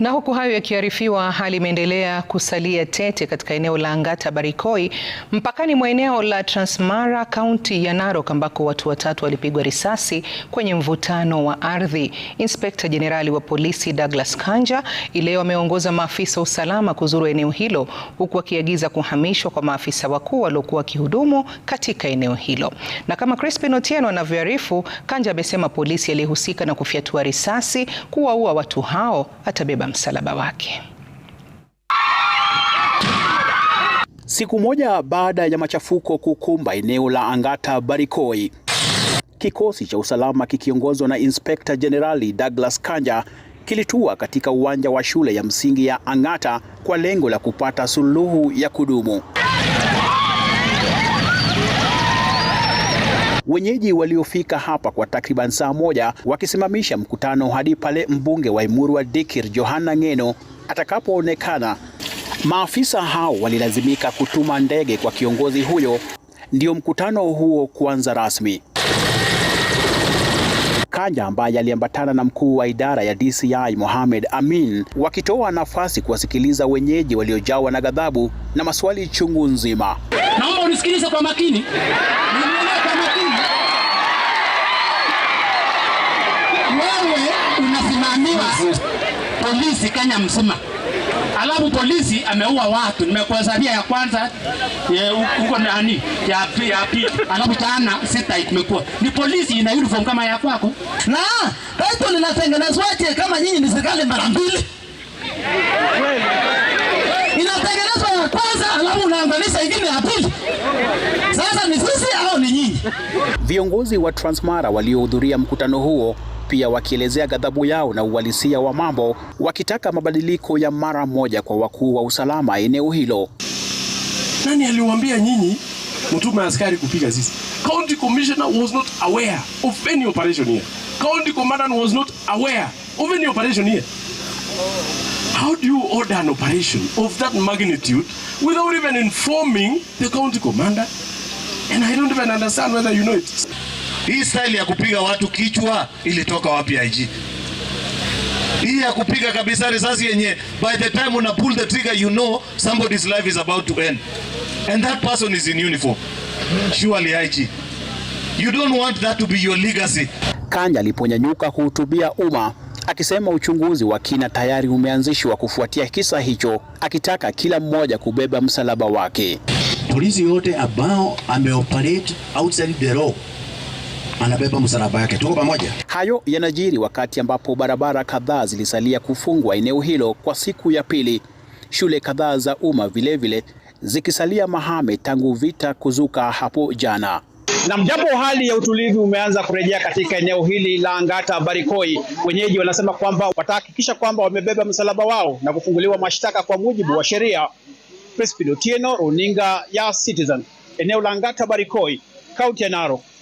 Na huku hayo yakiarifiwa, hali imeendelea kusalia tete katika eneo la Angata Barikoi mpakani mwa eneo la Transmara kaunti ya Narok ambako watu watatu walipigwa risasi kwenye mvutano wa ardhi. Inspekta Jenerali wa polisi Douglas Kanja ileo ameongoza maafisa usalama kuzuru eneo hilo huku akiagiza kuhamishwa kwa maafisa wakuu waliokuwa wakihudumu katika eneo hilo. Na kama Crispin Otieno anavyoarifu, Kanja amesema polisi aliyehusika na kufyatua risasi kuwaua watu hao atabeba kubeba msalaba wake. Siku moja baada ya machafuko kukumba eneo la Angata Barikoi, kikosi cha usalama kikiongozwa na Inspekta Jenerali Douglas Kanja kilitua katika uwanja wa shule ya msingi ya Angata kwa lengo la kupata suluhu ya kudumu. wenyeji waliofika hapa kwa takriban saa moja wakisimamisha mkutano hadi pale mbunge wa imurwa Dikir johanna Ngeno atakapoonekana. Maafisa hao walilazimika kutuma ndege kwa kiongozi huyo ndio mkutano huo kuanza rasmi. Kanja ambaye aliambatana na mkuu wa idara ya DCI Mohamed Amin wakitoa nafasi kuwasikiliza wenyeji waliojawa na ghadhabu na maswali chungu nzima. Naomba unisikilize kwa makini. polisi Kenya mzima, alafu polisi ameua watu. Nimekuhesabia ya kwanza huko nani ya pili, ya pili, alafu jana sita. Imekuwa ni polisi ina uniform kama ya kwako, na kaitu linatengenezwaje kama nyinyi ni serikali mara mbili inatengenezwa ya kwanza, alafu unaangalisha ingine ya pili. Viongozi wa Transmara waliohudhuria mkutano huo pia wakielezea ghadhabu yao na uhalisia wa mambo, wakitaka mabadiliko ya mara moja kwa wakuu wa usalama eneo hilo. Nani aliwaambia nyinyi mtume askari kupiga sisi? County commissioner was not aware of any operation here. County commander was not aware of any operation here. How do you order an operation of that magnitude without even informing the county commander? And I don't even understand whether you know it. Hii style ya kupiga watu kichwa ilitoka wapi IG? Hii ya kupiga kabisa risasi yenye by the time una pull the trigger you know somebody's life is about to end. And that person is in uniform. Surely IG. You don't want that to be your legacy. Kanja aliponyanyuka kuhutubia umma akisema uchunguzi wa kina tayari umeanzishwa kufuatia kisa hicho, akitaka kila mmoja kubeba msalaba wake. Polisi yote ambao ameoperate outside the law anabeba msalaba yake. Tuko pamoja. Hayo yanajiri wakati ambapo barabara kadhaa zilisalia kufungwa eneo hilo kwa siku ya pili, shule kadhaa za umma vilevile zikisalia mahame tangu vita kuzuka hapo jana. Na mjapo hali ya utulivu umeanza kurejea katika eneo hili la Angata Barikoi, wenyeji wanasema kwamba watahakikisha kwamba wamebeba msalaba wao na kufunguliwa mashtaka kwa mujibu wa sheria. Crispin Otieno, runinga ya Citizen, eneo la Ngata Barikoi, kaunti ya Narok.